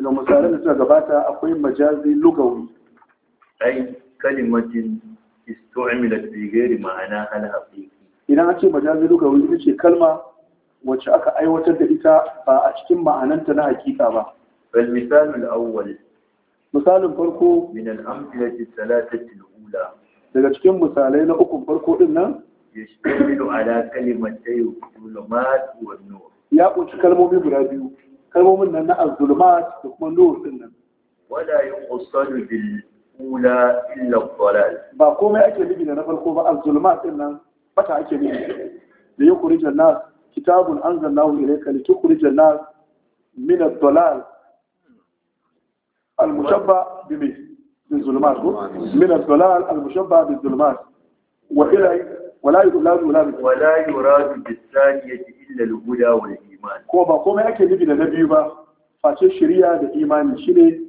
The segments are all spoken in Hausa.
daga misalan da suka gabata akwai majazi lugawi ai kalimatin istu'milat bi ghairi ma'ana hal haqiqi idan ake majazi lugawi ita ce kalma wacce aka aiwatar da ita ba a cikin ma'ananta na hakika ba bal misalul awwal misalin farko min al-amthilati thalathati al-ula daga cikin misalai na ukun farko din nan yashtamilu ala kalimatayn ulumat wa nur ya kunshi kalmomi guda biyu كانوا منا الظلمات ثم نور ولا يقصد بالاولى الا الضلال ما كوما اكي بيبي نا فالكو الظلمات إلا متى اكي بيبي ليخرج الناس كتاب انزل الله اليك لتخرج الناس من الضلال المشبع بالظلمات من الضلال المشبع بالظلمات والى ولا يراد بالثانيه الا الهدى والايمان ko ba komai ake nufi da na biyu ba face shari'a da imani Shi ne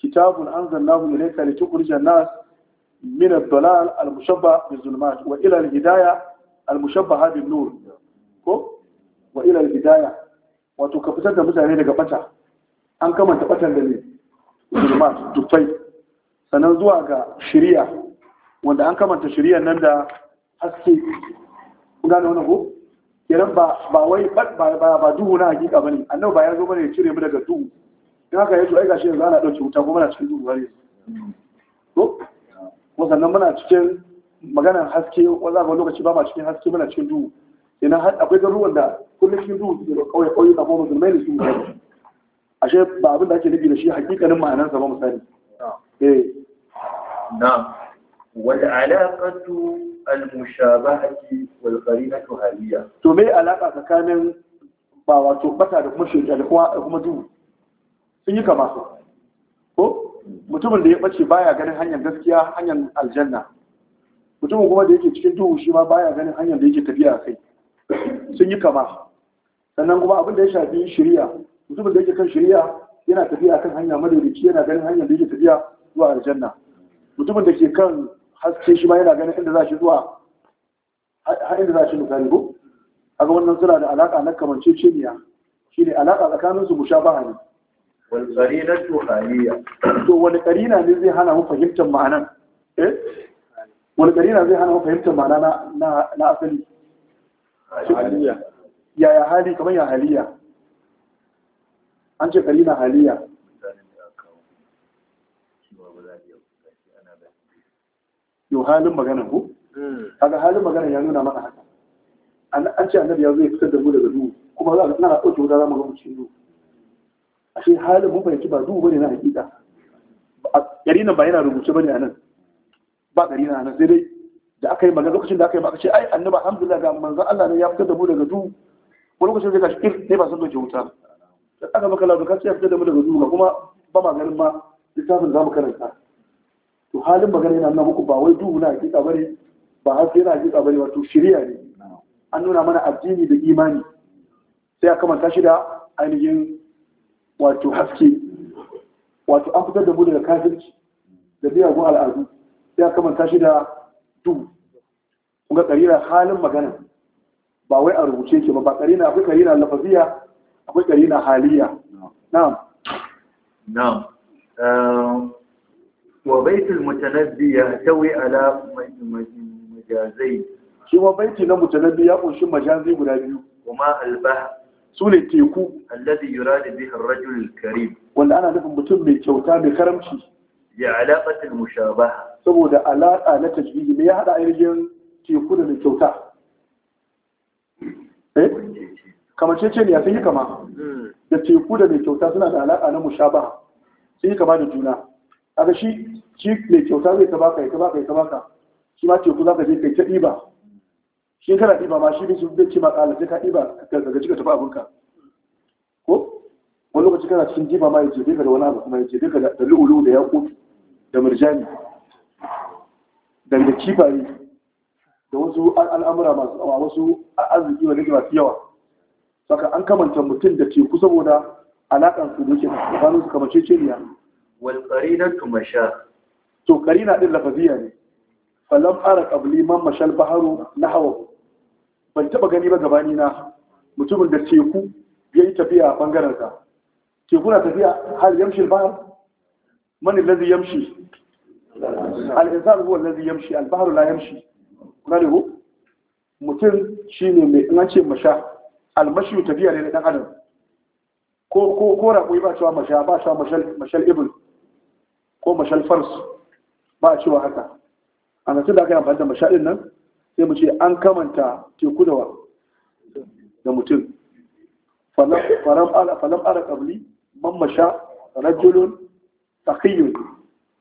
kitabun ka ilayka kurjan nas min ad-dalal al mushabba bi zulmat wa ila al hidaya al mushabba bi nur ko wa ila al hidaya wato ka fitar da mutane daga bata an kamanta batan da ne zulumat dufai sannan zuwa ga shari'a wanda an kamanta shari'a nan da haske gane wannan ko kiran ba ba wai ba ba duhu na hakika bane annabi ba ya zo bane ya cire mu daga duhu dan haka yazo ai gashi yanzu ana dauke wuta kuma muna cikin duhu bare to ko sannan muna cikin maganar haske za ba lokaci ba ba cikin haske muna cikin duhu ina har akwai garuruwan da kullum cikin duhu suke kauye kauye da kuma musulmai ne su musulmai ashe ba abin da ake nufi da shi hakikanin ma'anarsa ba misali eh na'am والعلاقة المشابهة والقرينة هالية to me alaka tsakanin ba wato bata da kuma shirka da kuma duhu sun yi kama ko mutumin da ya bace baya ganin hanyar gaskiya hanyar aljanna mutumin kuma da yake cikin duhu shi ma baya ganin hanyar da yake tafiya a kai sun yi kama sannan kuma abin da ya shafi shirya mutumin da yake kan shirya yana tafiya kan hanya madaidaici yana ganin hanyar da yake tafiya zuwa aljanna mutumin da ke kan haske shi ma yana ganin inda za shi zuwa har inda za shi misali ko ga wannan suna da alaƙa na kamanceceniya shine alaka tsakanin su mushabaha ne wal qarinatu haliya to wani qarina ne zai hana mu fahimtar ma'anan eh wani zai hana mu fahimtar ma'ana na asali Ya yaya hali kamar ya haliya an ce na haliya yau halin magana ko hmm. kaga halin magana ya nuna mana haka an ce annabi ya zo ya fitar da mu daga duhu kuma za na ɗauke wuta za mu ga mu cikin duhu ashe halin mun fahimci ba duhu bane na hakika gari nan ba yana rubuce bane a nan ba gari na nan sai dai da aka yi magana lokacin da aka yi ba a ce ai annabi alhamdulillah ga manzo Allah ne ya fitar da mu daga duhu wani lokacin sai ka shi ne ba san ɗauke wuta da aka maka ka ce ya fitar da mu daga duhu kuma ba ma ganin ma littafin za mu karanta to halin magana yana nuna muku ba wai duhu na hakika bane ba sai na hakika bane wato shiriya ne an nuna mana addini da imani sai aka manta shi da ainihin wato haske wato an fitar da mu daga kafirci da miyagun al'adu sai aka manta shi da duhu kuma karira halin magana ba wai a rubuce ke ba ba karina akwai karina lafaziya akwai karina haliya na'am na'am ehm, wa baitul mutanabbi ya tawi ala majazai shi wa baiti na mutanabbi ya kunshi majazai guda biyu kuma albah Sune teku alladhi yuradu bihi ar-rajul karim wanda ana nufin mutum mai kyauta mai karamci ya alaqatul mushabaha saboda alaqa na tajbihi me ya hada ainihin teku da mai kyauta eh kamacece ne ya sai kama hmm. da teku da mai kyauta suna da alaqa na mushabaha yi kama da juna kaga shi shi mai kyauta zai ta baka ya ta baka ya ta baka shi ma teku za ka je kai ta ɗiba shi kana ɗiba ma shi ne su zai ce ma ƙala sai ka ɗiba ka gaji cika tafi abinka ko wani lokaci kana cikin ɗiba ma ya jefe ka da wani abu kuma ya jefe daga da lu'ulu da yaƙutu da murjani Daga kifari da wasu al'amura masu awa wasu arziki wanda ke masu yawa saka an kamanta mutum da teku saboda alaƙar su da yake tsakanin su kamar ceceniya wal qarinatu masha to qarina din lafaziya ne falam ara qabli man mashal baharu nahwa ban taba gani ba gabani na mutumin da teku yayi tafiya a sa teku na tafiya hal yamshi al bahr man alladhi yamshi al insan yamshi yamshi ko mutum shine mai tafiya ne na dan adam ko ko ko ba cewa ba mashal ibn ko mashal fars ba a cewa haka a nan da aka yi amfani da mashalin nan sai mu ce an kamanta teku da wa da mutum falam ara kabli man masha rajulun sakiyun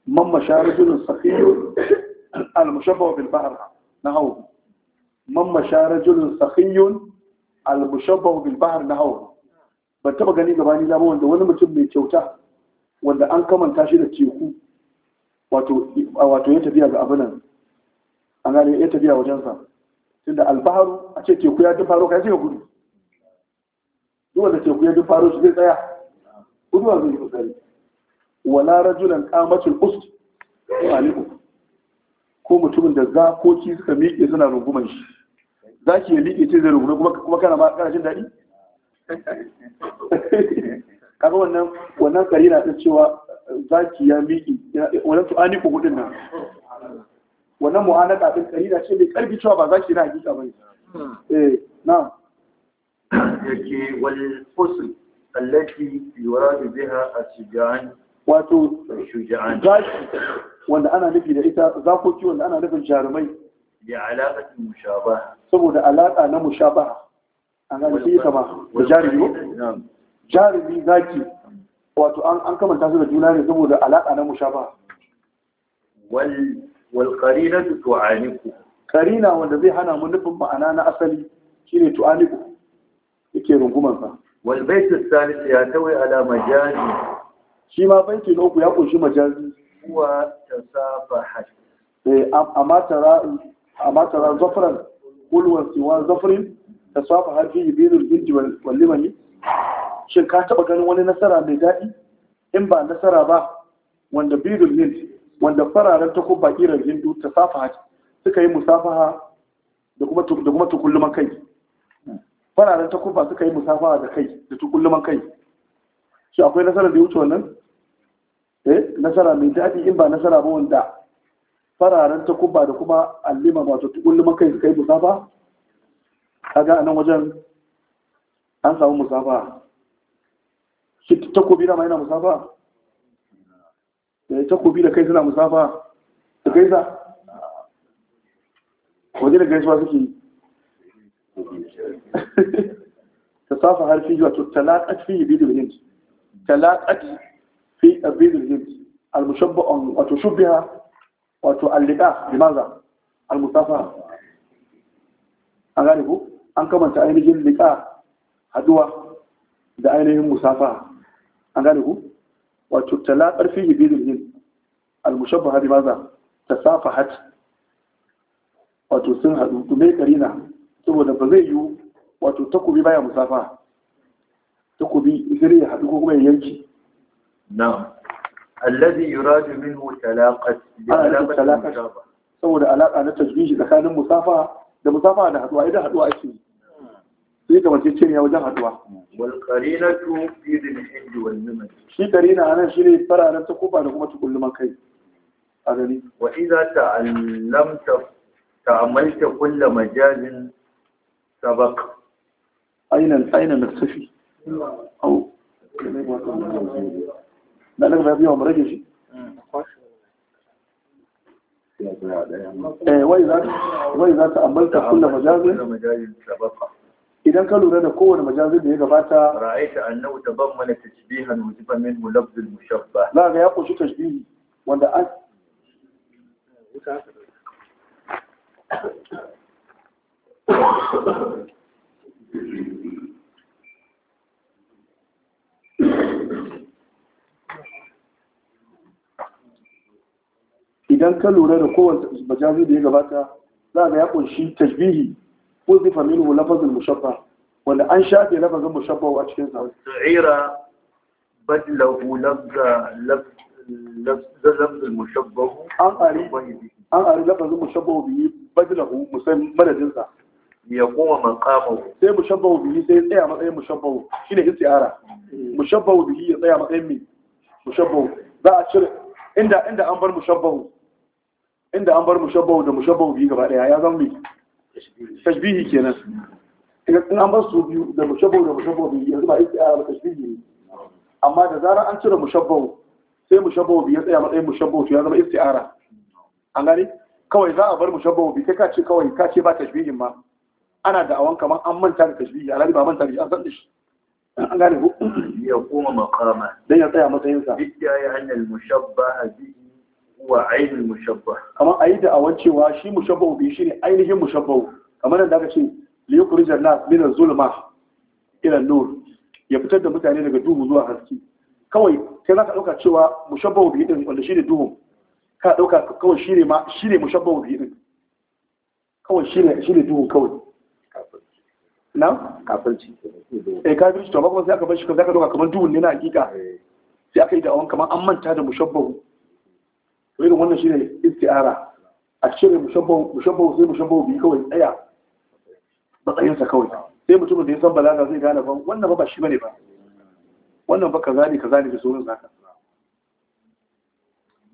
man masha rajulun sakiyun al-mushabba bil bahr nahaw man masha rajulun sakiyun al-mushabba bil bahr nahaw ban taba gani gabani na wanda wani mutum mai kyauta wanda an kamanta shi da teku wato ya tafiya ga abinan an gane ya tafiya wajensa tunda albaharu a ce teku ya dun kai ka ya gudu duk wanda teku ya faro su zai tsaya guduwa zai yi wala rajulan qamatul ust aliku ko mutumin da zakoki suka miƙe suna runguman shi ki yi miƙe ce zai rungumar kuma kana ma kana jin daɗi kaga wannan wannan na san cewa zaki ya miki wannan tu'ani ko gudun nan wannan mu'anaka din da ce bai karbi cewa ba zaki na hakika bane eh na yake wal fusl allati yuradu biha as-sujaan wato shujaan zaki wanda ana nufi da ita zakoki wanda ana nufin jarumai da alaƙatin mushabaha saboda alaƙa na mushabaha an ga shi kama da jarumi jarumi zaki wato an kamanta su da juna ne saboda alaƙa na mushafa wal qarinatu tu'aniku qarina wanda zai hana mu nufin ma'ana na asali shine tu'aniku yake rungumar sa wal bait salis ya tawi ala majazi shi ma banki na uku ya kunshi majazi huwa tasafahat eh amma tara amma tara zafran kulwan siwa zafrin tasafahat fi bidil binti wal limani shin ka taba ganin wani nasara mai daɗi in ba nasara ba wanda bidul hind wanda fararen takubba kiran hindu ta safa suka yi musafaha da kuma tukulluman kai fararen takubba suka yi musafaha da kai da tukulluman kai shi akwai nasara da ya wuce wannan eh nasara mai daɗi in ba nasara ba wanda fararen takubba da kuma allima wato tukulluman kai suka yi musafaha kaga a nan wajen an samu musafaha shi takobi da ma yana musafa da eh, takobi da kai suna musafa da kai sa waje da gaisuwa suke yi ta safa harfi wato talaƙat fi bidul hind talaƙat fi bidul hind al-mushabba wato shubbiha wato al-liqa limaza al-musafa an gane ku an kamanta ainihin liqa haduwa da ainihin musafa an gane ku wato talaƙar fihi bidin yin almushabba hadi maza ta safa hat wato sun haɗu dume karina saboda ba zai yiwu wato takobi baya musafa takobi zai ya haɗu ko kuma ya yanki na'am alladhi yuradu minhu talaqat talaqat saboda alaƙa na tajbihi tsakanin musafa da musafa da haɗuwa idan haɗuwa ake yi sai ga mace ya wajen haduwa wal qarinatu fi dhil hijj wal numan shi qarina anan shine fararen ta kofa da kuma tukulluman kai a gani wa idza ta'allamta ta'amalta kullu majazin sabaq aina aina naktafi au na daga bayan wa rage shi eh, wai za ta amalta kullu majazin sabaq idan ka lura da kowane majazin da ya gabata ra'aita annahu tabammana tashbihan wujiba minhu lafz al-mushabba la ga ya koshi tashbihi wanda an idan ka lura da kowane majazin da ya gabata za ga ya kunshi tashbihi وظف منه لفظ المشبه ولا أنشأ في لفظ المشبه وأشكين سعيرة بدله لفظ لفظ لفظ المشبه أقاري أقاري لفظ المشبه به بدله مسلم مرجل سعيرة يقوم من قامه سي مشبه به سي سي عمق أي مشبه شين هي سيارة مشبه به سي عمق أي مي مشبه ذا أتشر عند عند أنبر مشبه عند أنبر مشبه ده مشبه به قبل يا يا زلمي tashbihi kenan in an bar su biyu da mushabbau da mushabbau biyu yanzu ba istiara ba tashbihi ne amma da zarar an cire mushabbau sai mushabbau biyu ya tsaya matsayin mushabbau to ya zama istiara an gani kawai za a bar mushabbau biyu kai ka ce kawai ka ce ba tashbihin ma ana da awon kamar an manta da tashbihi alhali ba manta da an san shi an gane ko ya koma maqama dan ya tsaya matsayin sa bidda ya hanyar mushabbaha bihi wa ainihin mushabba kamar a yi da awon cewa shi mushabba bi shi ne ainihin mushabba kamar da aka ce liyukuri janna minar zulma ila nur ya fitar da mutane daga duhu zuwa haske kawai sai za ka ɗauka cewa mushabba bi din wanda shi ne duhu ka ɗauka kawai shi ne ma shi ne mushabba bi din kawai shi ne shi ne duhu kawai na kafirci eh kafirci to ba kuma sai aka bar shi ka zaka ɗauka kamar duhu ne na hakika eh. sai aka yi da awon kamar an manta da ubi. to irin wannan ne isti'ara a cire mushabbahu sai mushabbahu biyu kawai tsaya matsayinsa kawai sai mutumin da ya san balaga zai gane ban wannan ba shi bane ba wannan ba ka zane ka zane da sauran zaka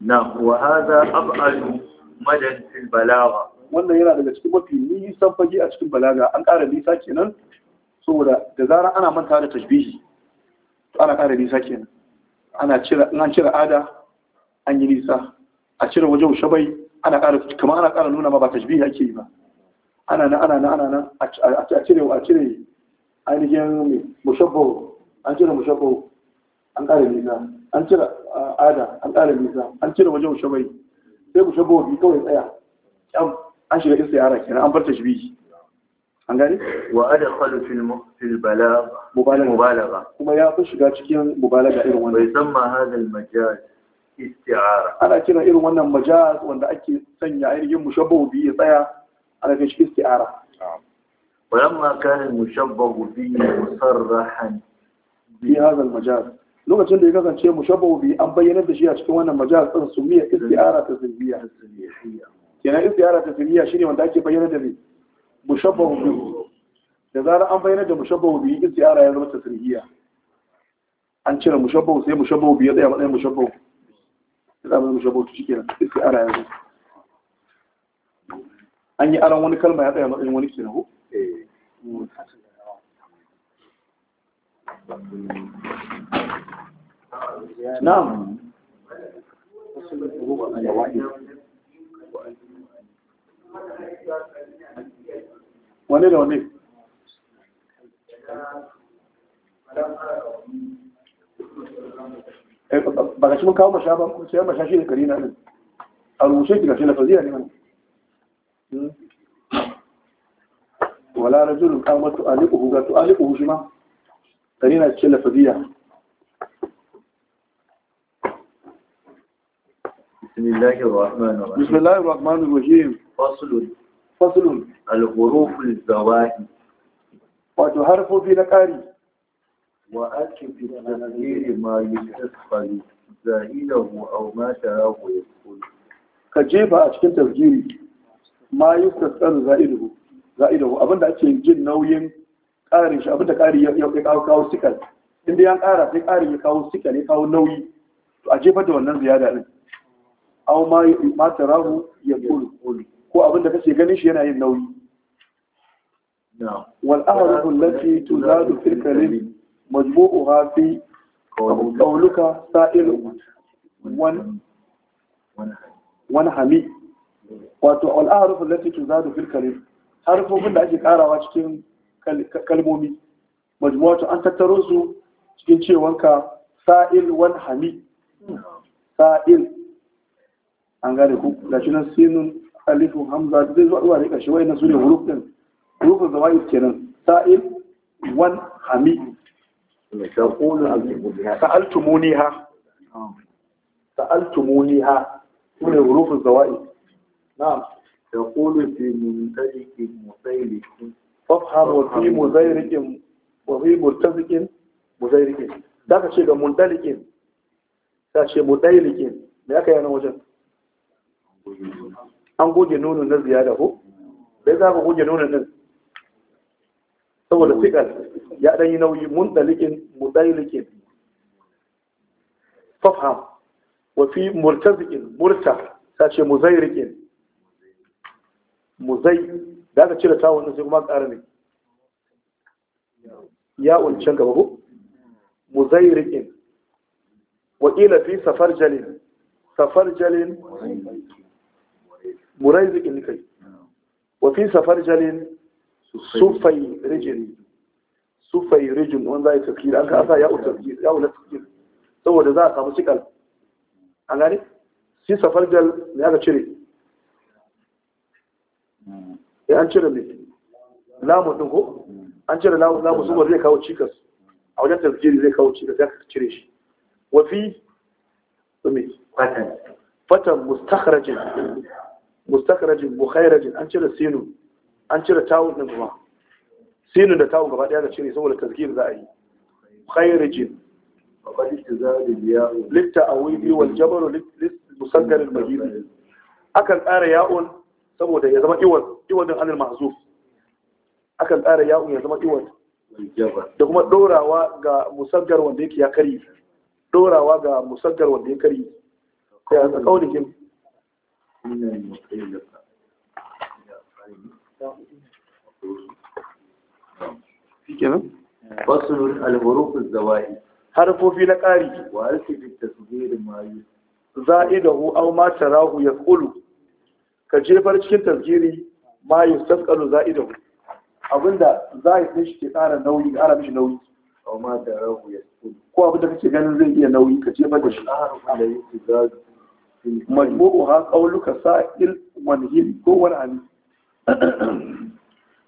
na wa hada ab'adu madan fil balawa. wannan yana daga cikin mafi nisan fage a cikin balaga an ƙara nisa kenan saboda da zara ana manta da tashbihi ana ƙara nisa kenan ana cire an cire ada an yi nisa a cire wajen shabai ana ƙara kamar ana ƙara nuna ma ba tashbihi ake yi ba ana nan ana nan ana nan a cire a cire ainihin mushabbahu an cire mushabbahu an ƙara nisa an cire ada an ƙara nisa an cire waje wajen shabai sai mushabbahu bi kawai tsaya an shiga istiyara kenan an bar tashbihi an gani wa adkhalu fil fil bala mubalaga kuma ya fi shiga cikin mubalaga irin wannan bai san ma hadal majaz isti'ara ana kira irin wannan majaz wanda ake sanya ainihin mushabbahu biyu ya tsaya ana kai shi isti'ara ولما كان المشبه به مصرحا في هذا المجاز لغة اللي كان شيء مشبه به أن بينت شيء أشكي وانا مجاز سمية استعارة تسلبية يعني استعارة تسلبية شيء وانت أكي بينت به مشبه به لذلك أن بينت مشبه به استعارة يزم تسلبية أن شيء مشبه سي مشبه به يضيع مطلع مشبه zama mu shabo shi kenan sai ara ya zo an yi aran wani kalma ya tsaya matsayin wani kenan ko eh. na'am wane da wane Thank you. بغاش يعني من كاوما شابا سيما شاشي لكرينا من او مشيك لكرينا فزيلا لمن ولا رجل كاوما تؤلقه غا تؤلقه شما كرينا تشيلا فزيلا بسم الله الرحمن الرحيم بسم الله الرحمن الرحيم فصل فصل الغروف للزواج وتهرف في نكاري وأتي في ما يستسفل زائله أو ما تراه يقول كجيبها أشكال تغييري ما يستسفل زائله za'idahu abinda ake jin nauyin ƙarin shi abinda ƙari ya kawo kawo sikal inda ya ƙara sai ƙarin ya kawo sikal ya kawo nauyi to a jefar da wannan ziyada din aw ma ma ya ko kace ganin shi yana yin nauyi wal ahrufu allati tuzadu fil kalim مجموعها في قولك سائل ون ونحمي wato al'arufin lati tuzadu fil kalim harfofin da ake ƙarawa cikin kalmomi majmuwatu an tattaro su cikin cewanka sa'il wan hami sa'il an gane ku gashi nan sinun zai zuwa zuwa rika shi wayannan sune huruf din hurufin zawai kenan sa'il wan sa'altumuniha sa'altumuniha sune rufin zawa'i na'am تقول في منتلك مسيلك فافهم وفي مزيرك وفي مرتزق مزيرك ذاك شيء منتلك ce شيء مديلك me aka yana wajen an goge nunin na ziyada ko bai za ka goge nunin nan saboda fikar ya ɗan yi nauyi mun ɗalikin mu ɗalikin fafham wa fi murtazikin murta ta ce mu zai rikin mu zai da aka cire tawon ɗin sai kuma ƙara ne ya wancan gaba ko mu zai rikin wakila fi safar jalin safar jalin murai zikin kai wa fi safar jalin sufai rijini sufai rijin wanda za yi tafkir an kasa ya tafkir ya wula tafkir saboda za a samu cikal an gane si safar jal ne aka cire ya eh, an cire ne lamun ɗin ko an cire lamun su zai kawo cikas a wajen tafkiri zai kawo cikas ya cire shi wafi sumi fatan mustakharajin mustakharajin bukhairajin an cire sinu an cire tawun ɗin kuma sinin da tawun gaba daya da cire saboda tazkir za a yi khairijin litta awibi wal jabaru musaggar al majid akan tsara ya'un saboda ya zama iwan iwan din anil mahzuf akan tsara ya'un ya zama iwan da kuma dorawa ga musaggar wanda yake ya kari dorawa ga musaggar wanda ya kari ya tsakaunikin Thank you. shikenan fasul al-huruf az harfofi na ƙari wa alfi bi tasghir ma za'idahu aw ma tarahu yaqulu ka jefar cikin tasghiri ma yustaqalu za'idahu abinda za'id din shi ke ƙara nauyi ƙara mishi nauyi aw ma tarahu yaqulu ko abinda kake ganin zai iya nauyi ka jefar da shi ha qawluka sa'il wa nihil ko wani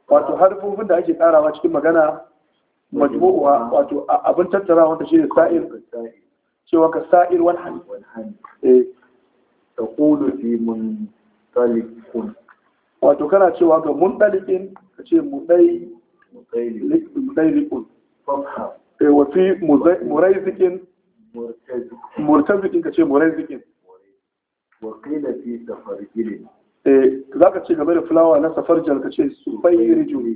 wato harfofin da ake tsarawa cikin magana majmu'a wato abin tattara wanda shi ne sa'ir cewa ka sa'ir wani hannu. Eh. ta kudu fi talikun wato kana cewa ga muntalikin ka ce mudai mudailikun eh wafi murai muraizikin murtazikin ka ce muraizikin wa qila fi Eh, za ka ce game da fulawa na safar jar ka ce sufairi juni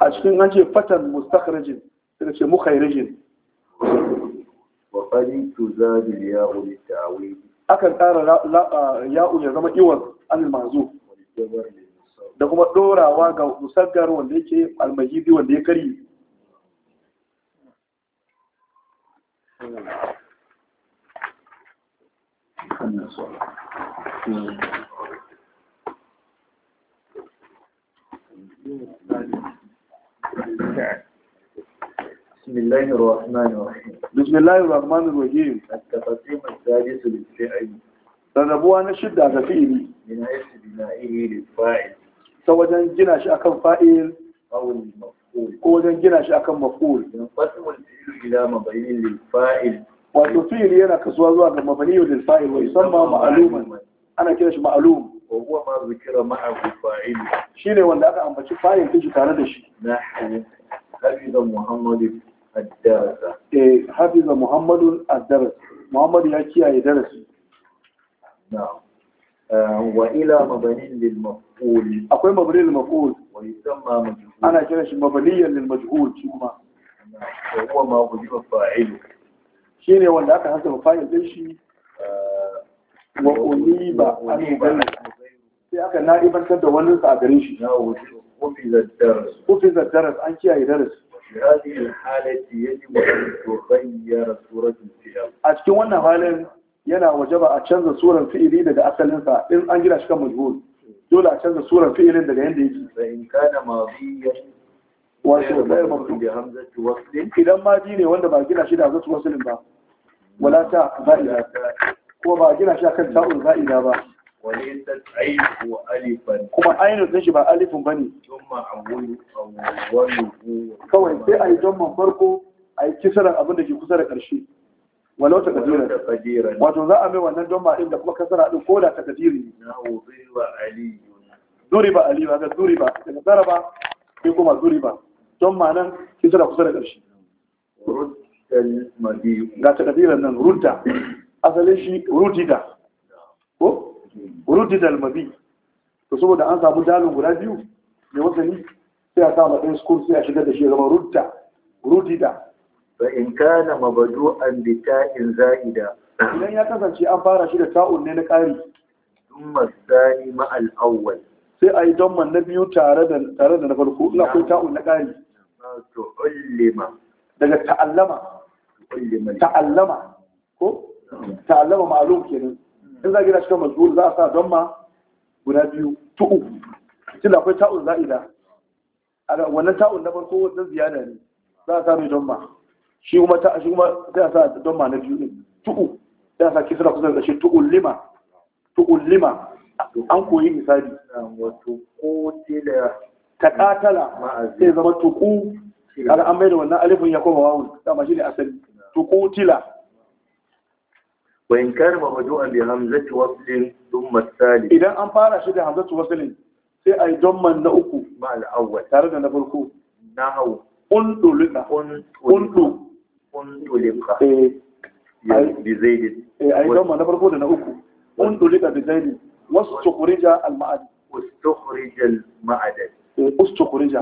a cikin an ce fatan mustakharajin sai ka ce mukhairijin akan ƙara ya'u ya zama iwan almazu da kuma ɗorawa ga musaggar wanda yake almahidi wanda ya kari بسم الله الرحمن الرحيم بسم الله الرحمن الرحيم التفاتيح السادس للفعل تنبوها نشد على فعل من اسم بنائه للفاعل سواء جناش اكم فاعل او المفعول كو جناش اكم مفعول ينقسم الفعل الى مبين للفاعل wato fi'il yana kasuwa zuwa ga mabani Wa fa'il wa yusamma ma'luman ana kira shi ma'lum wa huwa ma zikira ma'ahu fa'il shine wanda aka ambaci fa'il din tare da shi nahnu hafiza muhammadu ad-darasa eh hafiza muhammadu ad-darasa muhammadu ya kiyaye darasi na'am eh, wa ila mabanin lil maf'ul akwai mabani lil maf'ul wa yusamma majhul ana kira shi mabaniyan lil majhul shi kuma wa huwa ma wajiba fa'ilu shi ne wanda aka hasa fayil ɗin shi wa ba a mubayi sai aka na'ibantar da wani sa a garin shi kufi daras an kiyaye daras a cikin wannan halin yana waje ba a canza suran fi'ili daga asalinsa in an gina shi kan majhul dole a canza suran fi'ilin daga yadda yake fa in kana madiyan wato da hamzatu wasl idan ma ne wanda ba gina shi da hamzatu wasu ba Wala ta za'ida, kuma ba a gina shi a kan ta'u da za'ida ba. Wane zan aiko alif ba ne? Kuma ainon sun shiga alifun ba ne. Kawai sai ayi don man farko a da abin da ke kusa ta ƙazira. Wato za a min wannan don ma in ba Aliyu, ba ƙasar ba, sai kuma zuri ba, don ma nan ƙisara kusa da ƙarshe. ga takadiran nan rudda asalin shi rudida ko rudida almabi to saboda an samu dalin guda biyu mai wasani sai a sa ma ɗan skur sai a shigar da shi zama rudda rudida Ba in kana an bi ta'in za'ida idan ya kasance an fara shi da ta'un ne na ƙari thumma masani ma al-awwal sai a yi don na biyu tare da na farko ina akwai ta'un na ƙari to ullima daga ta'allama ta'allama ko ta'allama ma'alum kenan in za gina cikin mazkur za a sa don ma guda biyu tu'u tunda akwai ta'un za'ida wannan ta'un na farko wannan ziyada ne za a sa mai don ma shi kuma ta shi kuma sai a sa don ma na biyu din tu'u sai a sa kisra kusa da shi tu'ul lima tu'ul lima an koyi misali wato ko da ta katala sai zama tuku an mai da wannan alifin ya koma wawun dama shi ne asali tuqutila wa in kana mabdu'an bi hamzati waslin thumma thalith idan an fara shi da hamzatu waslin sai ai domman na uku ba al tare da na farko na hawo undulika undu undulika eh bi zaidin eh ai domman na farko da na uku undulika bi zaidin wasu tukurija al-ma'ad واستخرج المعدن استخرج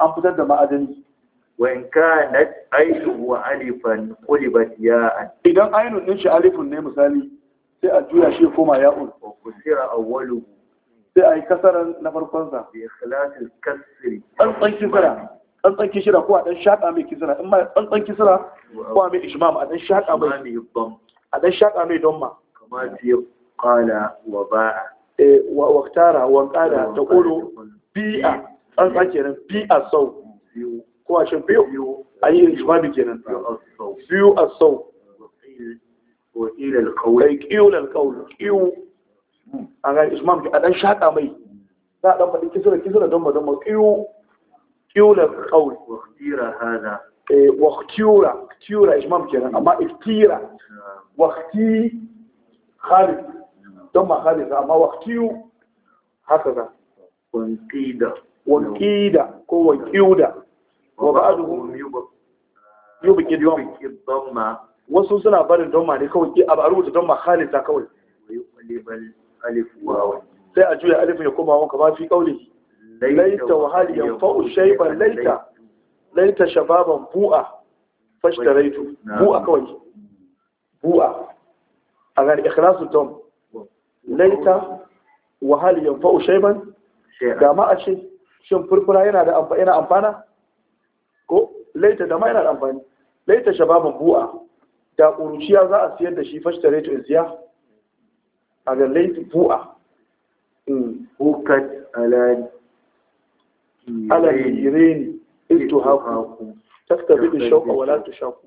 An fitar da معدن Wanka kanat ainun wa alifan qulibat ya'an idan ainun din shi alifun ne misali sai a juya shi koma ya'un ko kusira awwalu sai ai kasaran na farkon sa bi ikhlasil kasri tsantsan kisra tsantsan kisra ko a dan shaka mai kisra in ma tsantsan kisra ko mai ijmam a mai dom a dan shaka mai dom ma kama fi qala wa ba'a eh wa qtara wa qala taqulu bi'a tsantsan kenan bi'a sau ko a biyu an yi ijmabi kenan biyu a sau kai kiyu lalkaul kiyu a ga ismam a dan shaƙa mai za a dan faɗi kisira kisira don madon kiyu kiyu lalkaul waktira hada eh, waktira ktira ismam kenan amma iftira wakti khalid don ma khalid amma waktiyu haka za wankida wankida ko wankiuda wa ba'aduhu yubqid yubqid wasu suna barin damma ne kawai a rubuta damma khalisa kawai sai a juya alif ya koma wa kama fi laita wa hal yanfa'u shayban laita laita shababan bu'a fashtaraitu bu'a kawai bu'a a ga ikhlasu dam laita wa hal yanfa'u shayban da ma a ce shin furfura yana da amfana laita da ma yana da amfani laita shababan bu'a da ƙuruciya za a siyar da shi fashtare in siya a ga laita bu'a in hmm. hukat ala ala yireni ito haku tattabi da shauka wala ta shaku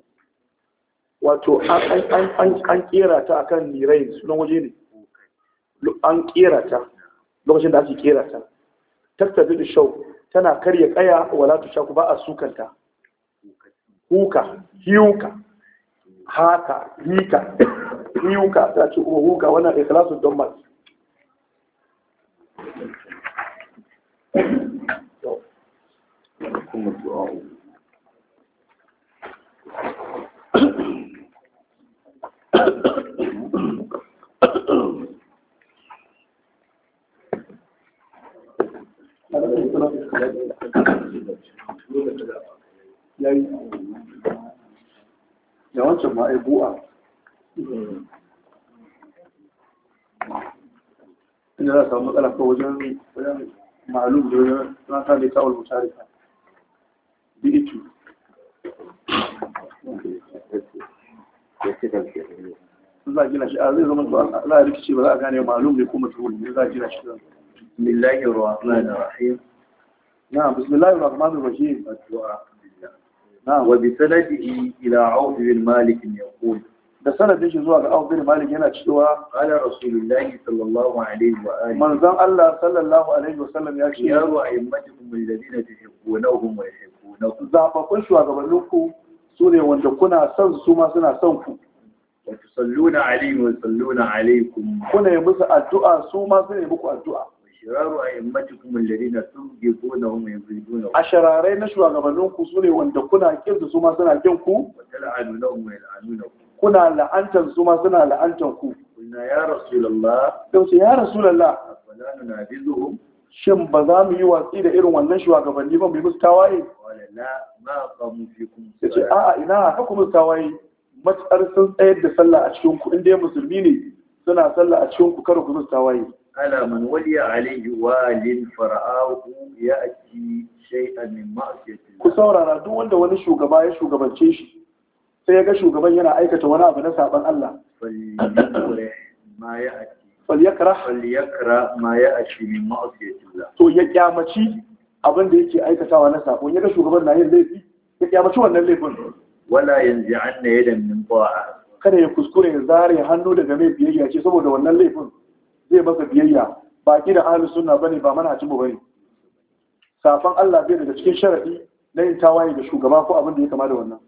wato an kera ta akan nirai sunan waje ne an kera ta lokacin da ake kera ta tattabi da shauka tana karya kaya wala ta shaku ba a sukanta huka hiuka haka hika hiuka ta ce kuma huka wannan ikhlasu don masu Thank you. لا سوى مقالة فوجان معلوم جوجان لا تالي تقول مشاركة بإيتو لا جينا شيء هذا إذا منك لا أريد شيء بلا أغاني ومعلوم لكم تقول لا جينا شيء بسم الله الرحمن الرحيم نعم بسم الله الرحمن الرحيم الدعاء wa bi sanadihi ila Auf bin Malik yaqul da sanadin shi zuwa ga Auf bin Malik yana cewa ala Rasulullahi sallallahu alaihi wa alihi Allah sallallahu alaihi wa sallam ya ce ya wa ayyamatukum alladhina tuhibbunahum wa yuhibbunakum zabakun shugabanninku su ne wanda kuna son su ma suna ku wa tusalluna alaihi wa salluna alaikum kuna yi musu addu'a su ma muku addu'a shiraru a yammacin alladina tubghidunahum gona a shirarai na shugabannin ku sune wanda kuna kin su ma suna kin ku Wata umar la'anu na ku? kuna la'antar su ma suna la'antar ku kuna ya rasulullah don su ya rasulullah afala nunabizuhum shin ba za mu yi watsi da irin wannan shugabanni ba mu yi musu tawaye wala ma qamu fikum sai a'a ina haka kuma tawaye matsar sun tsayar da sallah a cikin ku inda musulmi ne suna sallah a cikin ku kada ku musu tawaye على من ولي عليه وال فرآه يأتي شيئا من معصية ku saurara duk wanda wani shugaba ya shugabance shi sai ya ga shugaban yana aikata wani abu na saban Allah falyakra ma ya ashi min ma'asiyatillah ya abin da yake aikatawa na sabon ya ga shugaban na yin laifi ya kyamaci wannan laifin wala yanzi'anna yadan min ta'a kada ya kuskure ya zare hannu daga mai biyayya ce saboda wannan laifin zai masa biyayya ba ki da ahlus sunna bane ba manhajin mu bane safan Allah bai daga cikin sharadi na yin tawaye da shugaba ko abin da ya kama da wannan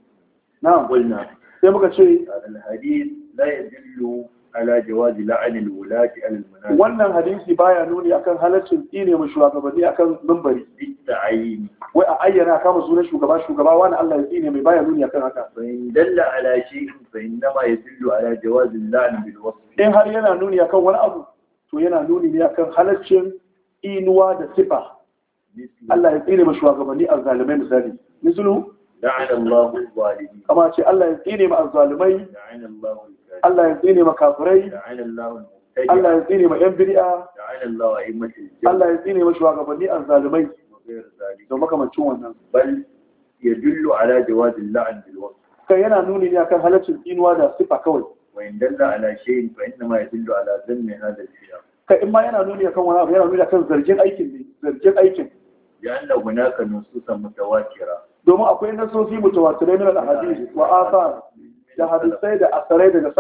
na'am qulna sai muka ce al-hadith la yadillu ala jawazi la'anil wulati alal munafiqin wannan hadisi baya nuni akan halaccin tsine mu shugabanni akan mimbari da bitta'ayni wai a ayyana kama sunan shugaba shugaba wani Allah ya tsine mai baya nuni akan haka in dalla ala shay'in fa innama yadullu ala jawazi la'an bil wasf in har yana nuni akan wani abu to yana nuni ne akan halaccin inuwa da sifa Allah ya tsine ma shugabanni azzalimai misali mislu la'ana Allahu zalimin kama ce Allah ya tsine ma azzalimai Allah ya tsine ma kafirai Allah ya tsine ma yan bid'a Allah ya tsine ma shugabanni azzalimai da makamancin wannan bal yadullu ala jawazil la'an bil wasf kai yana nuni ne akan halaccin inuwa da sifa kawai وإن دل على شيء فإنما يدل على ذم هذا الخلاف فإما yana nuni akan wani abu yana nuni akan zargin aikin ne zargin aikin ya anna hunaka nususan mutawatira domin akwai nasosi mutawatirai min al-ahadith wa athar da hadisai da asarai daga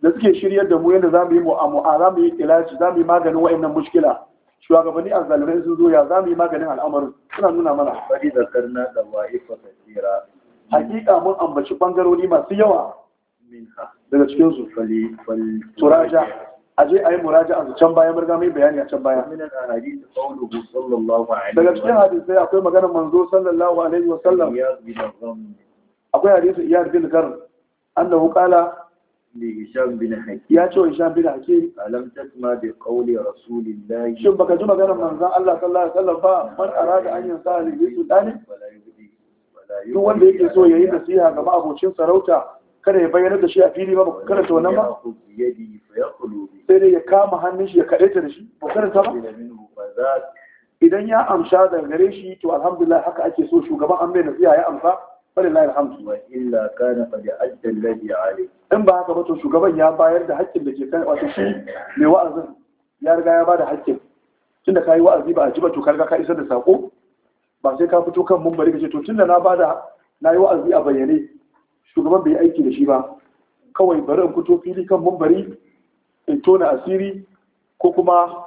da suke shiryar da mu yadda zamu yi mu'amala mu yi za mu yi maganin wa'annan mushkila shugabanni a zalimai sun zo ya mu yi maganin al'amarin suna nuna mana fadi karna da wa'ifa kasira hakika mun ambaci bangarori masu yawa daga cikin su turaja aje ayi muraja a can baya murga mai bayani a can baya daga cikin hadisai akwai magana manzo sallallahu alaihi wa sallam akwai hadisi iyad bin garm annahu qala لهشام بن حكيم يا شو هشام بن حكيم ألم تسمع بقول رسول الله شو بك جمع قال من الله صلى الله عليه وسلم من أراد أن ينصار لبيت الآن فلا يبدي duk wanda yake so ya yi nasiha ga abocin sarauta kada ya bayyana da shi a fili ba ba karanta wannan ba sai dai ya kama hannun shi ya kaɗaita da shi ba karanta ba idan ya amsa daga gare shi to alhamdulillah haka ake so shugaban an bai nasiha ya amsa falillahi alhamdu wa illa kana qad adda alladhi alayhi in ba haka ba to shugaban ya bayar da haƙƙin da ke kan wato shi mai wa'azin ya riga ya bada haƙƙin tunda kai wa'azi ba a ji ba to ka riga ka isar da sako ba sai ka fito kan mumbari kace to tunda na bada na yi wa'azi a bayyane shugaban bai aiki da shi ba kawai bari in fito fili kan mumbari in tona asiri ko kuma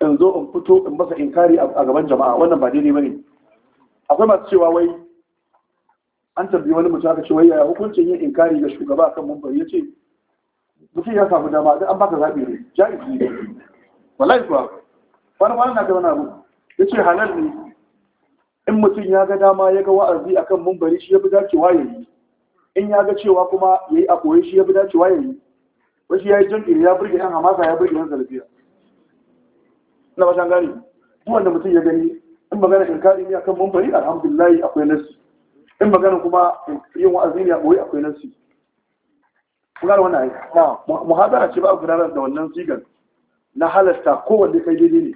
in zo in fito in masa inkari a gaban jama'a wannan ba daidai bane akwai masu cewa wai an tambayi wani mutum aka ce wai yaya hukuncin yin inkari ga shugaba kan mumbari ce. mutum ya samu dama duk an baka zabi ne ja'izi ne wallahi kuwa wani wani na ga wani abu yace halal ne in mutum ya ga dama ya ga wa'azi a kan mumbari shi ya fi dacewa ya yi in ya ga cewa kuma ya yi a koyi shi ya fi dacewa ya yi wasu ya yi jin ya burge yan hamasa ya burge yan salafiya na ba shan gani wanda mutum ya gani in magana inkari ne a kan mumbari alhamdulillah akwai nasu in magana kuma yin wa'azi ne a koyi akwai nasu kuma gane wannan aiki muhadara ce ba a gudanar da wannan sigan na halasta kowanne kai daidai ne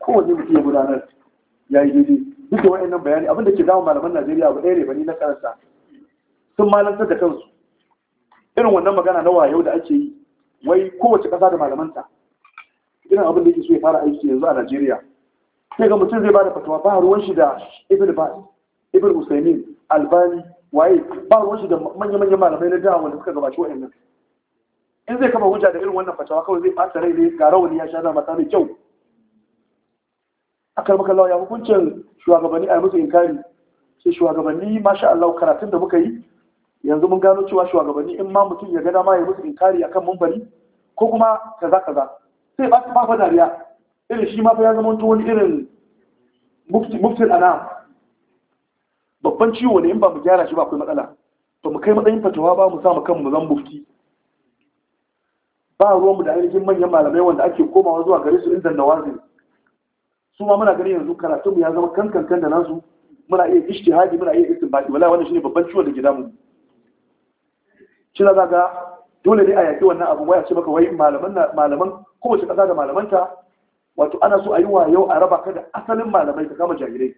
kowanne mutum ya gudanar ya yi daidai duk da wa'annan bayani abin da ke damun malaman najeriya ba ɗaya ne ba ni na karanta sun malantar da kansu irin wannan magana na wayo da ake yi wai kowace ƙasa da malamanta irin abin da yake so ya fara aiki yanzu a najeriya sai ga mutum zai ba da fatawa ba ruwan shi da ibn bas ibn usaimin albani waye ba ruwan shi da manya-manyan malamai na jihar wanda suka gabaci wa'annan in zai kama hujja da irin wannan fatawa kawai zai ɓata rai ne ga rawani ya sha zama ta mai kyau akan maka lawa ya hukuncin shugabanni a musu inkari sai shugabanni masha Allah karatun da muka yi yanzu mun gano cewa shugabanni in ma mutum ya gada ma ya musu inkari akan mumbari ko kuma kaza kaza sai ba ba fa dariya irin shi ma fa ya zama wani irin mufti mufti ana babban ciwo ne in ba mu gyara shi ba akwai matsala to mu kai matsayin fatawa ba mu sa mu kanmu zan mufti ba ruwanmu da ainihin manyan malamai wanda ake komawa zuwa gare su inda nawazin su ma muna gani yanzu karatunmu ya zama kankan da nasu muna iya ishtihadi muna iya istinbati wala wannan shine babban ciwon da ke damu shi za dole ne a yaki wannan abu waya ce maka wai malaman malaman kowace kasa da malamanta wato ana so a yi wa yau a raba ka da asalin malamai ka kama jahilai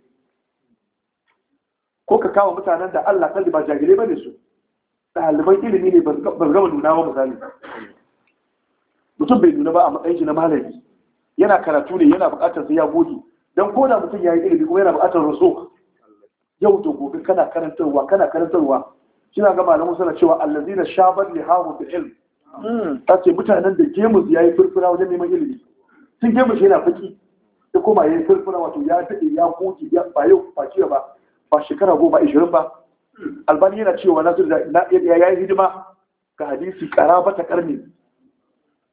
ko ka kama mutanen da Allah kalli ba jahilai bane su ɗaliban ilimi ne ba gama nuna ba misali mutum bai nuna ba a matsayin shi na malami yana karatu ne yana buƙatar sai ya gode Don ko da mutum ya yi ilimi kuma yana buƙatar rasu. yau da gobe kana karantarwa kana karantarwa kina ga malamu suna cewa allazina shabar lihamu bil ilm hmm. ta ce mutanen da gemus ya yi furfura wajen neman ilimi sun gemus yana faki da kuma ya yi furfura wato ya daɗe ya goge ya ba yau ba jiya ba ba shekara goma ishirin ba hmm. albani yana cewa na na ya yi hidima ga hadisi karabata ƙarni.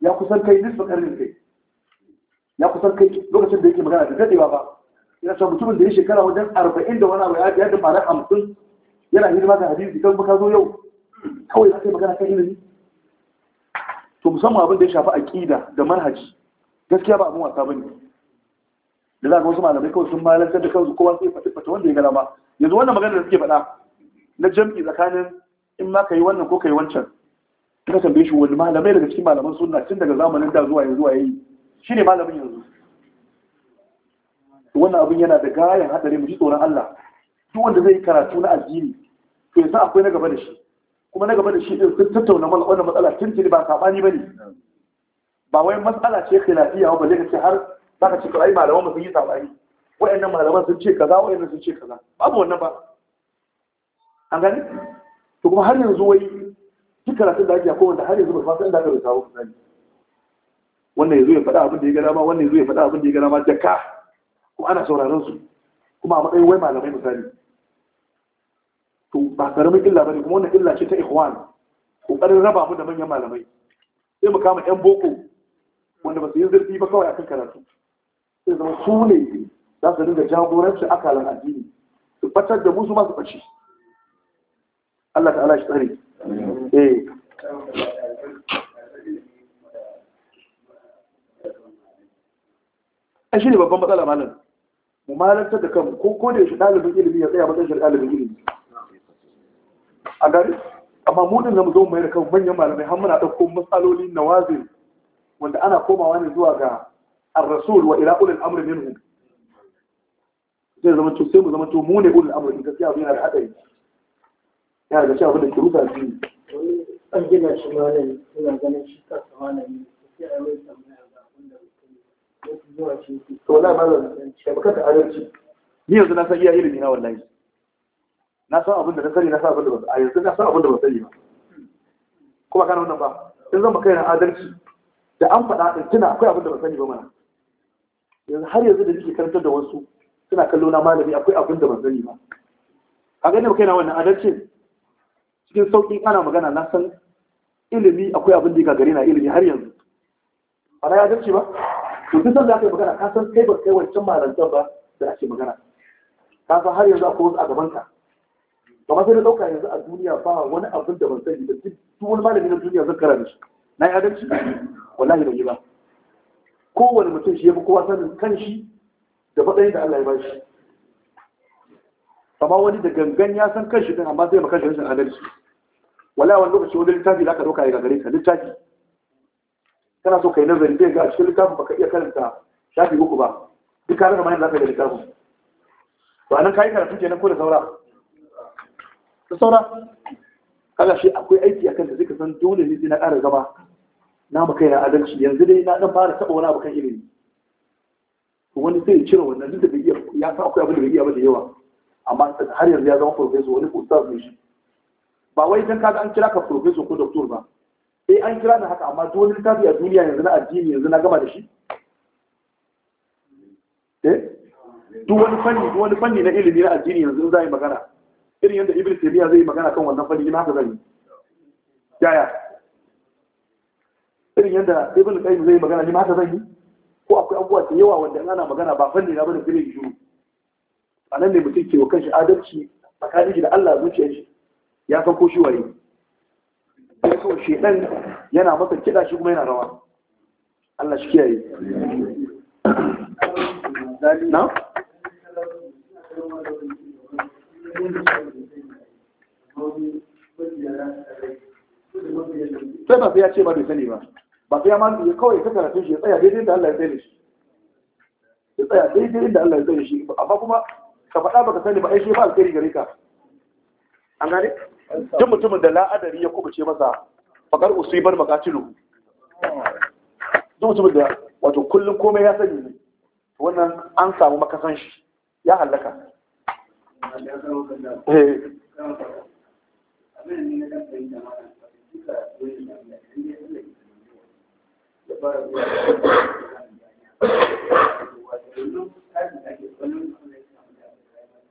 ya kusan kai nisfa ƙarni kai ya kusan kai lokacin da yake magana da dadewa ba Ya cewa mutumin da ya shekara wajen arba'in da wani abu ya da mara hamsin yana hidima da hadisi kan baka zo yau kawai za ka yi magana kan ilimi to musamman abin da ya shafi aƙida da manhaji gaskiya ba abin wasa ba ne. da za ka wasu malamai kawai sun malantar da kansu kowa sai faɗi fata wanda ya gana ba yanzu wannan magana da suke faɗa na jam'i tsakanin in ma ka yi wannan ko ka yi wancan ka tambaye shi wani malamai daga cikin malaman sunna tun daga zamanin da zuwa yanzu a yi shi ne malamin yanzu wannan abin yana da gayan hadari mu ji tsoron Allah duk wanda zai karatu na addini to yasa akwai na gaba da shi kuma na gaba da shi din sun tattauna mana wannan matsala tuntuni ba sabani bane ba wai matsala ce khilafiya ba balle ce har zaka ci kai malaman sun yi sabani wayannan malaman sun ce kaza wayannan sun ce kaza babu wannan ba an gani to kuma har yanzu wai duk karatun da ake akwai wanda har yanzu ba san da ka rubuta ba wannan ya zo ya faɗa abin da ya gada ma wannan ya zo ya faɗa abin da ya gada ma da ka kuma ana sauraron su kuma a matsayin wai malamai misali to ba karamin illa bane kuma wannan illa ce ta ikhwan kokarin raba mu da manyan malamai sai mu kama yan boko wanda ba su yi zurfi ba kawai akan karatu sai zama su ne za su dinga jagoranci akalan addini su fatar da musu masu ɓace Allah ta'ala shi tsare eh a shi ne babban matsala malam mu malanta da kan ko ko da shi ɗalibin ilimi ya tsaya matsayin dalibin ilimi a gari amma mu din mu zo mu mai da kan manyan malamai har muna dauko matsaloli na wazin wanda ana komawa ne zuwa ga ar-rasul wa ila ulil amri minhu zai zama to sai mu zama to mu ne ulil amri in gaskiya abin yana da hadari yana da cewa abin da ke rusa shi an gina shi malam ina ganin shi kansa ne sai ai mai Ka ni yanzu na san iya ilimi na wallahi na san abin da na sani na san abin da ba a yanzu na san abin da ba sani ba kuma kana wannan ba in zan baka na adalci da an faɗa in tuna akwai abin da ba sani ba mana yanzu har yanzu da nake karantar da wasu suna kallo na malami akwai abin da ban sani ba a gani baka yana wannan adalci cikin sauƙin ana magana na san ilimi akwai abin da ya gagare na ilimi har yanzu ba na adalci ba to duk da aka yi magana ka san kai ba kai wancan malantar ba da ake magana ka san har yanzu akwai wasu a gaban ka kamar sai na ɗauka yanzu a duniya ba wani abin da ban sani da duk wani malami na duniya zan kara da shi na yi adalci wallahi da yi ba kowane mutum shi ya fi kowa sanin kanshi da matsayin da Allah ya ba shi amma wani da gangan ya san kan din amma zai maka shi rashin adalci wallahi wani lokaci wani littafi za ka ɗauka ya gagare ka littafi kana so kai nazari zai ga a cikin littafin baka iya karanta shafi uku ba duk ka rasa bayan za ka da littafin to anan kai karatu kenan ko da saura da saura kaga shi akwai aiki akan da zika san dole ne na ƙara gaba na maka yana adalci yanzu dai na dan fara taba wani abu kan ilimi to wani sai ya cire wannan duk da bai iya ya san akwai abin da bai iya ba da yawa amma har yanzu ya zama professor wani ustaz ne shi ba wai dan kaga an kira ka professor ko doctor ba sai an kira ni haka amma duk wani littafi a duniya yanzu na addini yanzu na gama da shi eh duk wani fanni duk wani fanni na ilimi na addini yanzu za yi magana irin yadda ibn taymiya zai yi magana kan wannan fanni ina haka zan yi yaya irin yadda ibn qayyim zai yi magana ni ma haka zan yi ko akwai abubuwa da yawa wanda ana magana ba fanni na bane gire shiru a nan ne mutum ke wa kanshi adalci tsakanin shi da Allah zuciyar shi ya san ko shi waye kawai shedan yana masa kiɗa shi kuma yana rawa Allah shi kiyaye na sai ba sai ya ce ba bai sani ba ba sai ma ma kawai ya karatun shi ya tsaya daidai da Allah ya tsaye shi ya tsaya daidai da Allah ya tsaye shi amma kuma ka faɗa ba ka sani ba ai shi ba alkhairi gare ka an gane duk mutumin da la'adari ya kubuce masa fakar usibar makatilu duk mutumin da wato kullum komai ya sani wannan an samu makasan shi ya hallaka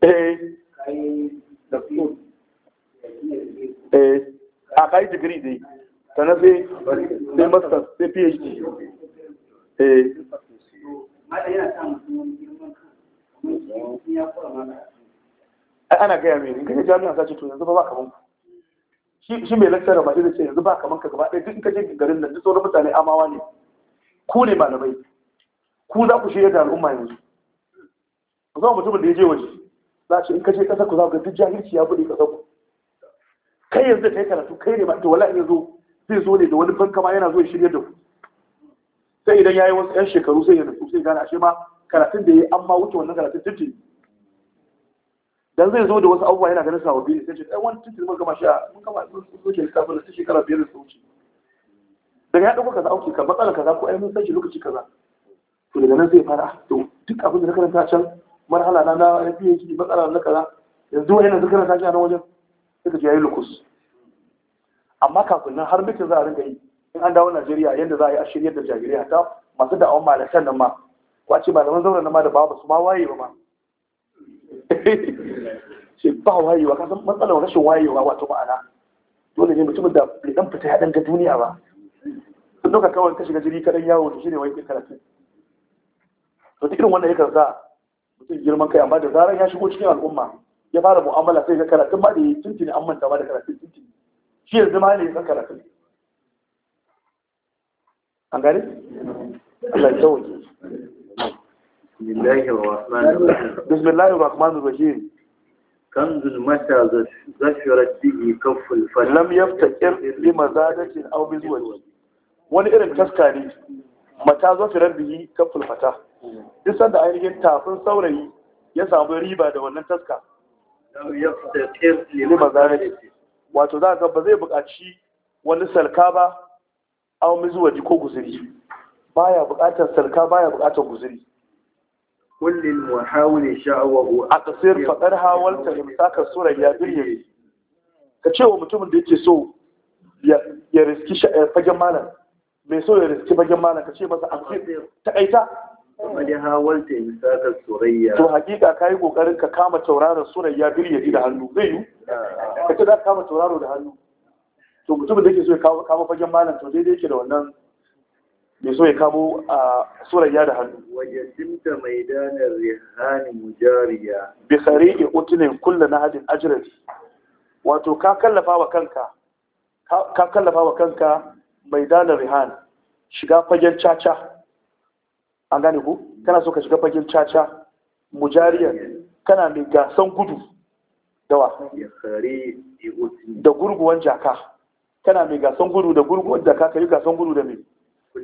Eh, eh. Eh, a kai digiri dai sannan sai sai master sai phd eh. ana gaya mai in kaje jami'a ce to yanzu ba ba kaman shi mai lecturer da zai ce yanzu ba kamar ka gaba ɗaya duk in kaje garin nan duk sauran mutane amawa ne ku ne malamai ku za ku shirya da al'umma yanzu ku zama mutumin da ya je waje za a ce in kaje ƙasar ku za ku ga duk jahilci ya buɗe ƙasar ku kai yanzu kai karatu kai ne ba to wallahi yanzu zai zo ne da wani banka ma yana zo ya shirya da ku sai idan yayi wasu yan shekaru sai ya nutsu sai gane ashe ma karatun da yayi an ma wuce wannan karatun titi. dan zai zo da wasu abubuwa yana ganin sababbi ne sai ce ai wani titi mun gama shi a mun gama mun soke lissafin da shekara biyar da su wuce daga ya dauko kaza auki ka matsala kaza ko ai mun san shi lokaci kaza to daga nan zai fara to duk abin da na karanta can marhala na na PhD matsala na kaza yanzu wani na karanta shi a nan wajen suka ce yi lukus amma kafin nan har mitin za a rinka yi in an dawo Najeriya yadda za a yi a shirya da jagiriya ta masu da'awan malakan nan ma kwace malaman zauren nan ma da ba su ma waye ba ma ce ba wayewa ba kasan matsalar rashin wayewa wato ma'ana dole ne mutumin da bai dan fita ya dan ga duniya ba sun doka kawai ka shiga jiri kadan yawo shi shine wai kai karatu to duk irin wannan yakan sa mutum girman kai amma da zarar ya shigo cikin al'umma ya fara mu'amala sai ga karatun ba da yi tuntuni an manta ba da karatun tuntuni shi yanzu ma ne ya karatun an gari? Allah ya tsawoke بسم Kan الرحمن الرحيم كنز متى زفرت به كف الفجر لم يفتكر لمزادة أو بزوج wani irin taska ne mata zafirar bihi kan fulfata. duk sanda ainihin tafin saurayi ya samu riba da wannan taska wato za ga ba zai buƙaci wani salka ba zuwa mizuwaji ko guzuri baya buƙatar salka baya buƙatar guzuri kullin muhawili sha'awahu aqsir faqar hawalta imsaka sura ya dirye ka ce wa mutumin da yake so ya riski eh, fagen malam mai so ya riski fagen malam ka ce masa ta kaita. Kamar hawalta imsakar surayya. To hakika ka yi kokarin ka kama tauraron surayya bil yadi da hannu zai yi? Ka ce za ka kama tauraro da hannu. To mutumin da ke so ya kama fagen malam to daidai yake da wannan mai so ya kamo a surayya da hannu. Wajen dimta mai danar rihani mujariya. Bi khari'i utunin kulla na hadin ajirati. Wato ka kallafa wa kanka ka kallafa wa kanka mai danar rihani. shiga fagen caca an gane ku kana so ka shiga fagen caca mujariyar kana mai gasan gudu dawa da gurguwan jaka kana mai gasan gudu da gurguwan jaka ka yi gasan gudu da mai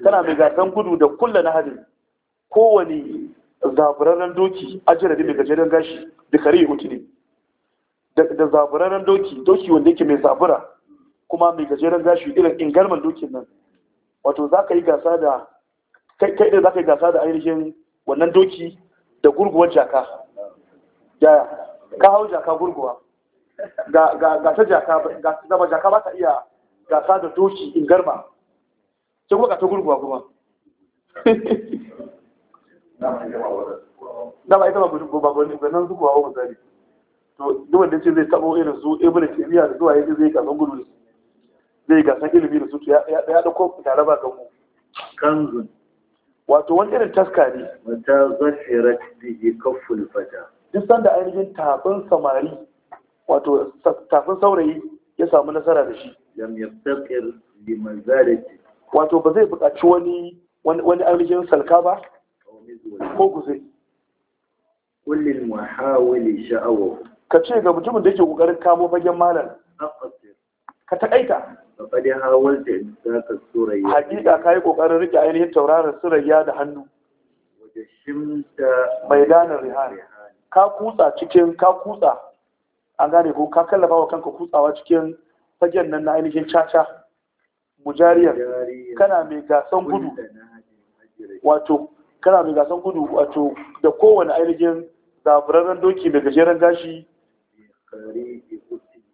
kana mai gasan gudu da kulla na hadin kowane zaburaren doki ajiyar da mai gajeren gashi da kare ya hutu ne da zaburaren doki doki wanda yake mai zabura kuma mai gajeren gashi irin ingarman dokin nan wato za ka yi gasa da kai kai ne za ka yi gasa da ainihin wannan doki da gurguwar jaka da ka hau jaka gurguwa ga ta jaka ga zama jaka ba ta iya gasa da doki in garba sai kuma ga ta gurguwa kuma dama ita ba gurguwa ba gudun ba nan zuwa wa misali to duk da ce zai tabo irin su ibn taymiya da zuwa yake zai gasa gudu zai gasa ilimi da su ya ya dauko tare ba ga mu kanzun wato wani irin taska ne mata zafirat bihi kafful fata duk sanda ainihin tafin samari wato tafin saurayi ya samu nasara da shi lam yaftaqir bi manzalati wato ba zai buƙaci wani wani ainihin salka ba ko guzai kullin muhawili sha'awa ka ce ga mutumin da yake kokarin kamo fagen malam ka taƙaita faɗi da surayya hakika ka yi ƙoƙarin rike ainihin tauraron surayya da hannu wajen shimta mai danar rihari. ka kutsa cikin ka kutsa an gane ko ka kallafa wa kanka kutsawa cikin fagen nan na ainihin caca mujariyar kana mai gasan gudu wato kana mai gasan gudu wato da kowane ainihin zaburarren doki mai gajeren gashi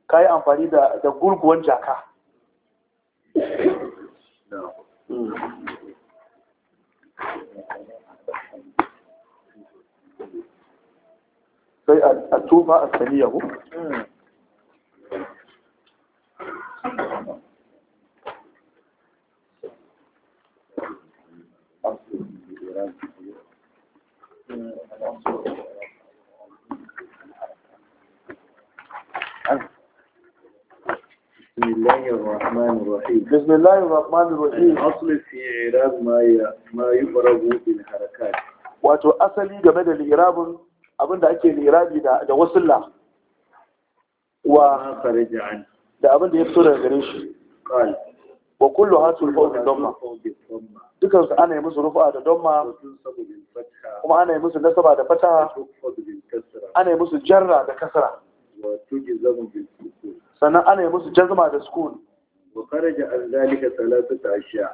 ka yi amfani da gurguwan jaka sai a tufa a saniya ko Thank mm. you. بسم الله الرحمن الرحيم بسم الله الرحمن الرحيم في ما ما يبرز wato asali game da lirabin abinda ake lirabi da wasulla wa da abinda ya fito gare shi wa kullu hasul fawu bi dukan su ana yi musu rufa da damma kuma ana yi musu nasaba da fataha ana yi musu jarra da kasra sannan ana yi musu jazma da sukun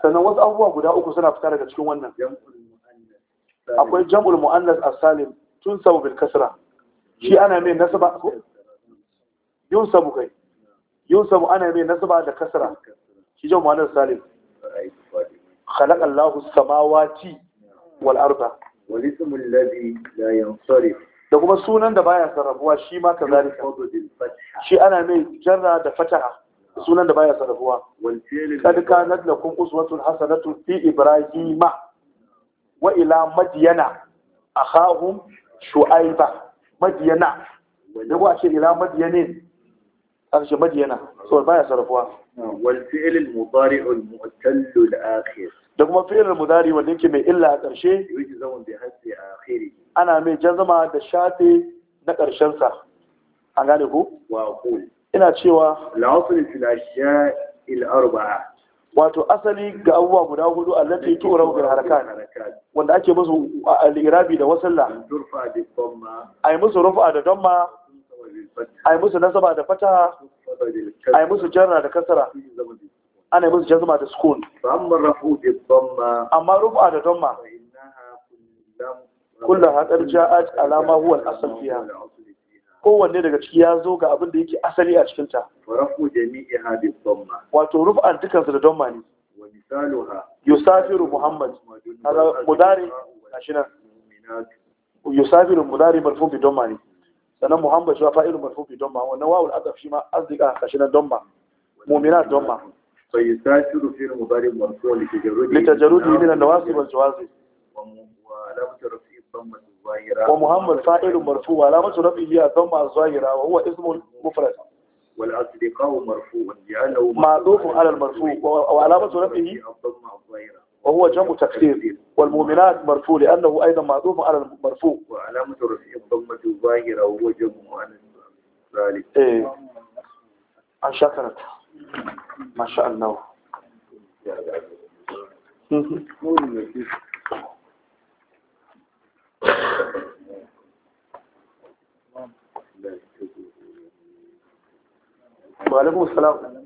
sannan wasu abubuwa guda uku suna fita daga cikin wannan akwai jam'ul mu'annas a salim tun sabu bil kasra shi ana mai nasaba yun sabu kai yun sabu ana mai nasaba da kasra shi jam'ul mu'annas salim خلق الله السماوات والأرض والاسم الذي لا ينصرف da kuma sunan da baya sarrafuwa shi ma ka kazalika shi ana mai jarra da fataha sunan da baya sarrafuwa kad kanat lakum uswatun hasanatun fi ibrahima wa ila madyana akhahum shu'aiba madyana da ba ce ila madyanin karshe madyana so baya sarrafuwa wal fi'l al mudari' al mu'tal al akhir da kuma fi'il mudari wanda yake mai illa a ƙarshe ana mai jazama da shafe na ƙarshen sa an gane ku ina cewa la'asul filashiya il arba'a wato asali ga abubuwa guda hudu allati turau bil harakat wanda ake musu al-irabi da wasalla ay musu rufa da damma ay musu nasaba da fataha ay musu jarra da kasara ana musu jazma da sukun amma rafu da damma amma rufa da damma kullu alama huwa asal asl kowanne daga ciki ya zo ga abin da yake asali a cikinta. wato rufa dukansu su da damma ne yusafiru muhammad hada mudari gashi nan yusafiru mudari marfu bi damma ne sannan muhammad shi wa fa'ilun marfu bi damma wannan wawul adaf shi ma azdika gashi nan damma mu'minat damma فيسافر في المضارع مرفوع لتجرده لتجرده من النواصب والجوازي وعلامة رفعه الضمة الظاهرة ومحمد فاعل مرفوع وعلامة رفعه هي الضمة الظاهرة وهو اسم مفرد والأصدقاء مرفوع جعله معذوف على المرفوع وعلامة رفعه الضمة الظاهرة وهو جمع تكسير والمؤمنات مرفوع لأنه أيضا معذوف على المرفوع وعلامة رفعه الضمة الظاهرة وهو جمع عن ذلك إيه عن شكرت ما شاء الله وعليكم السلام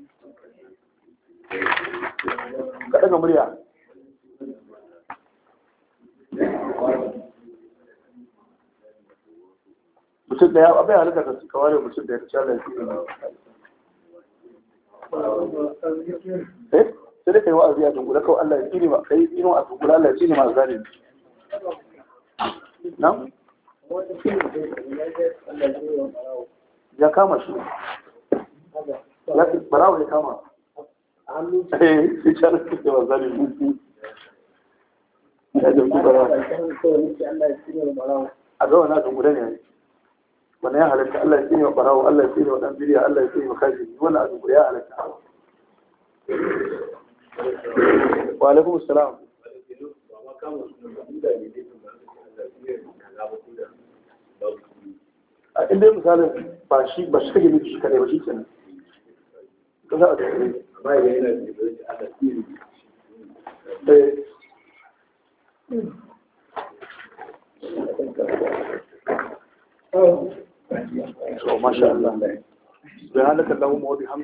كأنه مريع بسدنا يا أبي هلدك السكواري وبسدنا إن شاء الله eh sai dai kai wa'azi a dungula kawai Allah ya tsine ma kai tsino a dungula Allah ya tsine ma zalimi na ya kama shi ya barawo ya kama eh shi ta rike ma zalimi ya dauki barawo a zauna na dungula ne Wani ya halatta Allah ya tsine ma barawo Allah ya tsine ma dan biriya Allah ya tsine ma kaji wani a dungula ya halatta wa alaikum salam a inda misalin ba shi ba shi kake ba shi a ba yana da